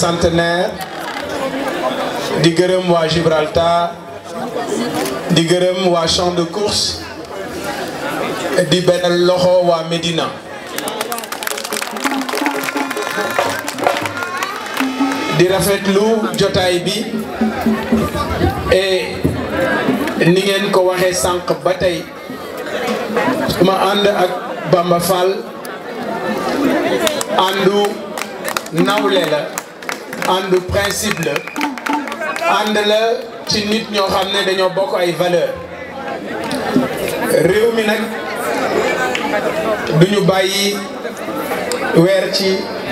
centenaire di gërëm waa Gibraltar di gërëm waa champ de course di benn loxo waa Médina di rafetlu jotaay bi et ni ngeen ko waxee sànq ba tey ma ànd ak Bamba Fall àndu nawle la àndu principe la ci nit ñoo xam ne dañoo bokk ay valeur réew mi nag ñu bàyyi weer ci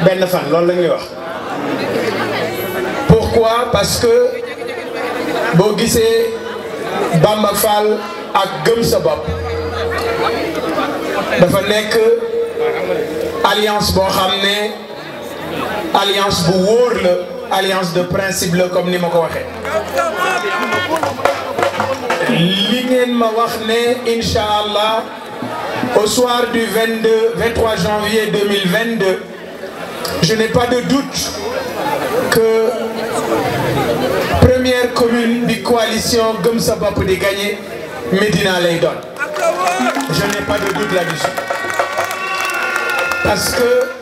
benn fan loolu lañuy wax pourquoi parce que boo gisee Bamba Fall ak gëm sa bopp dafa nekk alliance boo xam ne alliance bu wóor la alliance de principe la comme ni ma ko waxee li ngeen ma wax ne incha allah au soir du 22 23 janvier 2022 je n'ai pas de doute que première commune bi coalition Gëm sa bopp di gagner Médina lay je n'ai pas de doute là-dessus parce que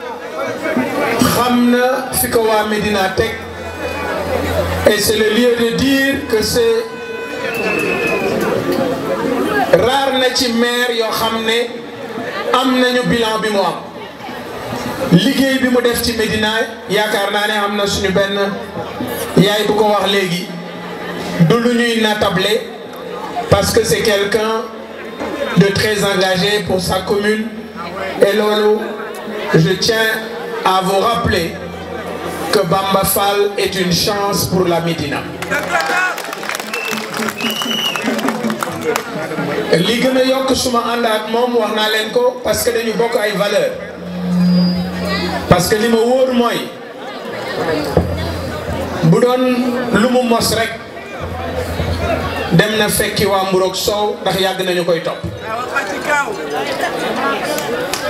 xam na fi ko waa Médina teg et c'est le lieu de dire que c'est raar na ci maire yoo xam ne am nañu bilan bi mu am liggéey bi mu def ci Médina yaakaar naa ne am na suñu benn yaay bu ko wax léegi du lu ñuy natable parce que c'est quelqu'un de très engagé pour sa commune et loolu je tiens à vous rappeler que Bamba Fall est une chance pour la Médina. li gën a yokk suma ànd ak moom wax naa leen ko parce que dañu bokk ay valeur parce que li ma wóor mooy bu doon lu mu mos rek dem na fekki waa mburoog soow ndax yàgg nañu koy topp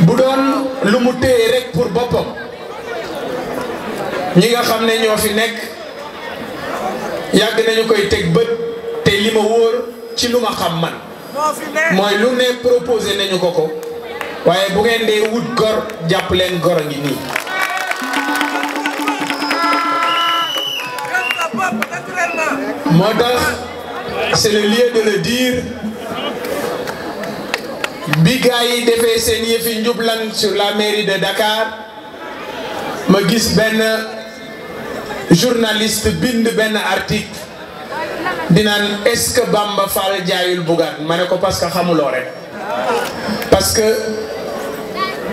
bu doon lu mu téye rek pour boppam ñi nga xam ne ñoo fi nekk yàgg nañu koy teg bët te li ma wóor ci lu ma xam man mooy lu ne proposé nañu ko ko waaye bu ngeen dee wut gor jàpp leen gor a ngi nii moo tax c'est le lieu de le dire bi gaa yi defee seen yëfi njublan sur la mairie de Dakar ma gis benn journaliste bind benn article dinaan est-ce que Bamba Fall jaayul Bougane ma ne ko parce que xamuloo rek parce que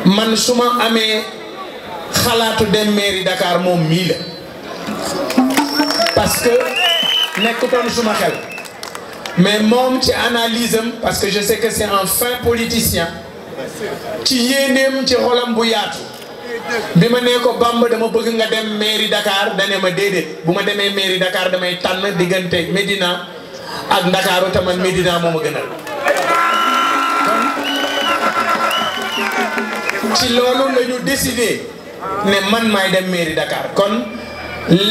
man su ma amee xalaatu dem mairie Dakar moom mii la parce que nekkutoon suma xel mais moom ci analyse am parce que je sais que c'est un fin politicien ci yéeneem ci xolam bu yaatu bi ma nee ko Bamba dama bëgg nga dem mairie dakaar dane ma déedéet bu ma demee mairie dakaar damay tànn diggante Medina ak Ndakaaru te man Medina moo ma gënal. ci loolu la ñu décidé ne man maay dem mairie Dakar kon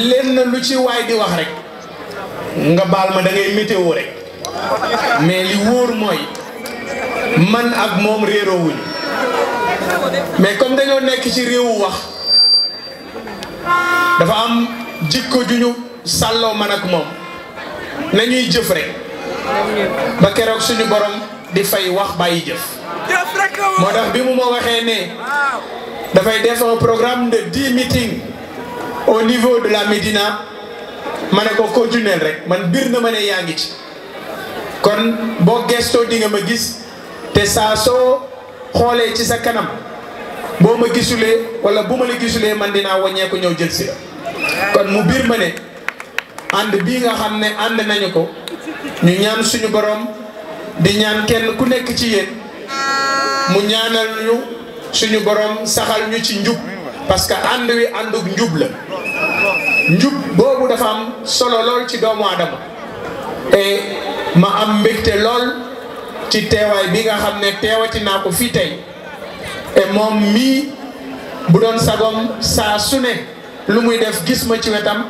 lenn lu ci waay di wax rek nga baal ma da ngay météo rek mais li wóor mooy man ak moom réeroo wuñu mais comme dañoo nekk ci réewu wax dafa am jikko ju ñu sàlloo man ak moom nañuy jëf rek ba keroog suñu borom di fay wax bàyyi jëf moo tax bi mu ma waxee ne dafay def un programme de dix meetings au niveau de la Médina ma ne ko continuer rek man biir na ma ne yaa ngi ci kon boo gestoo di ma gis te saa soo xoolee ci sa kanam boo ma gisulee wala bu ma la gisulee man dinaa wàññeeku ñëw jël si la kon mu biir ma ne ànd bii nga xam ne ànd nañu ko ñu ñaan suñu borom di ñaan kenn ku nekk ci yéen mu ñaanal ñu suñu borom saxal ñu ci njub parce que ànd wi àndub njub la njub boobu dafa am solo lool ci doomu aadama ma am mbégte lool. ci teewaay bi nga xam ne teewati naa ko fii tey et moom mii bu doon sagom saa su ne lu muy def gis ma ci wetam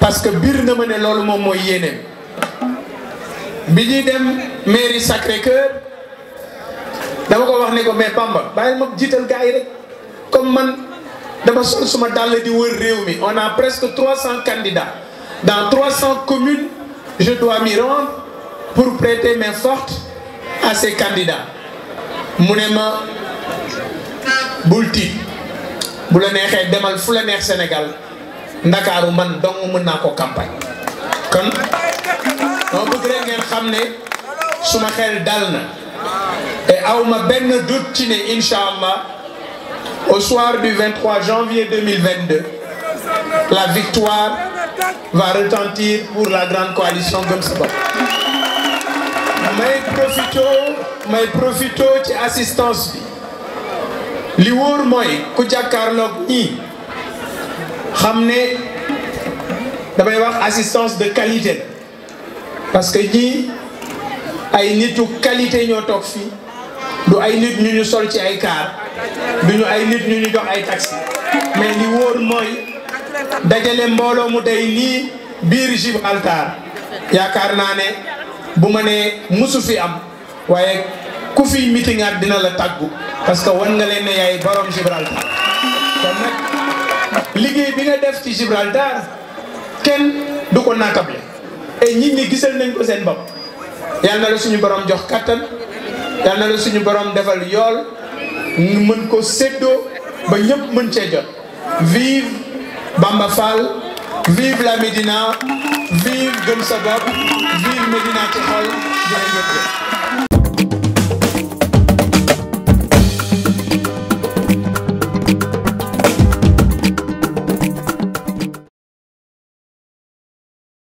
parce que biir na ma ne loolu moom mooy yéene bi ñuy dem mairie Sacré-Cœur dama ko wax ne ko mais Bamba bàyyil ma jiital gars yi rek comme man dama sol suma dàll di wër réew mi on a presque trois cent candidats dans trois cent communes je dois m'y pour prêter main forte à ses candidats mu ne ma bul bu la neexee demal fu la neex Sénégal ndakaaru man dong mën naa ko campagne kon dama bëgg rek ngeen xam ne suma xel dal na te aw ma benn doute ci ne incha allah au soir du 23 janvier 2022 la victoire va retentir pour la grande coalition Gëm Sa may profito may profito ci assistance bi li wóor mooy ku jàkkaarloog ñii xam ne damay wax assistance de qualité parce que ñii ay nit yu qualité ñoo toog fii du ay nit ñu ñu sol ci ay kaar du ñu ay nit ñu ñu jox ay taxi mais li wóor mooy dajale mbooloo mu day nii biir Gibraltar yaakaar naa ne bu ma nee musu fi am waaye ku fi mitingaat dina la tàggu parce que wan nga leen ne yaay borom Gibraltar liggéey bi nga def ci Gibraltar kenn du ko naatable et nit ñi gisal nañ ko seen bopp yal na la suñu borom jox kattan yal na la suñu borom defal yool mën ko séddoo ba ñëpp mën cee jot vive Bamba Fall vive la Médina vive Gëm sa ci xol jërë ngeen jëf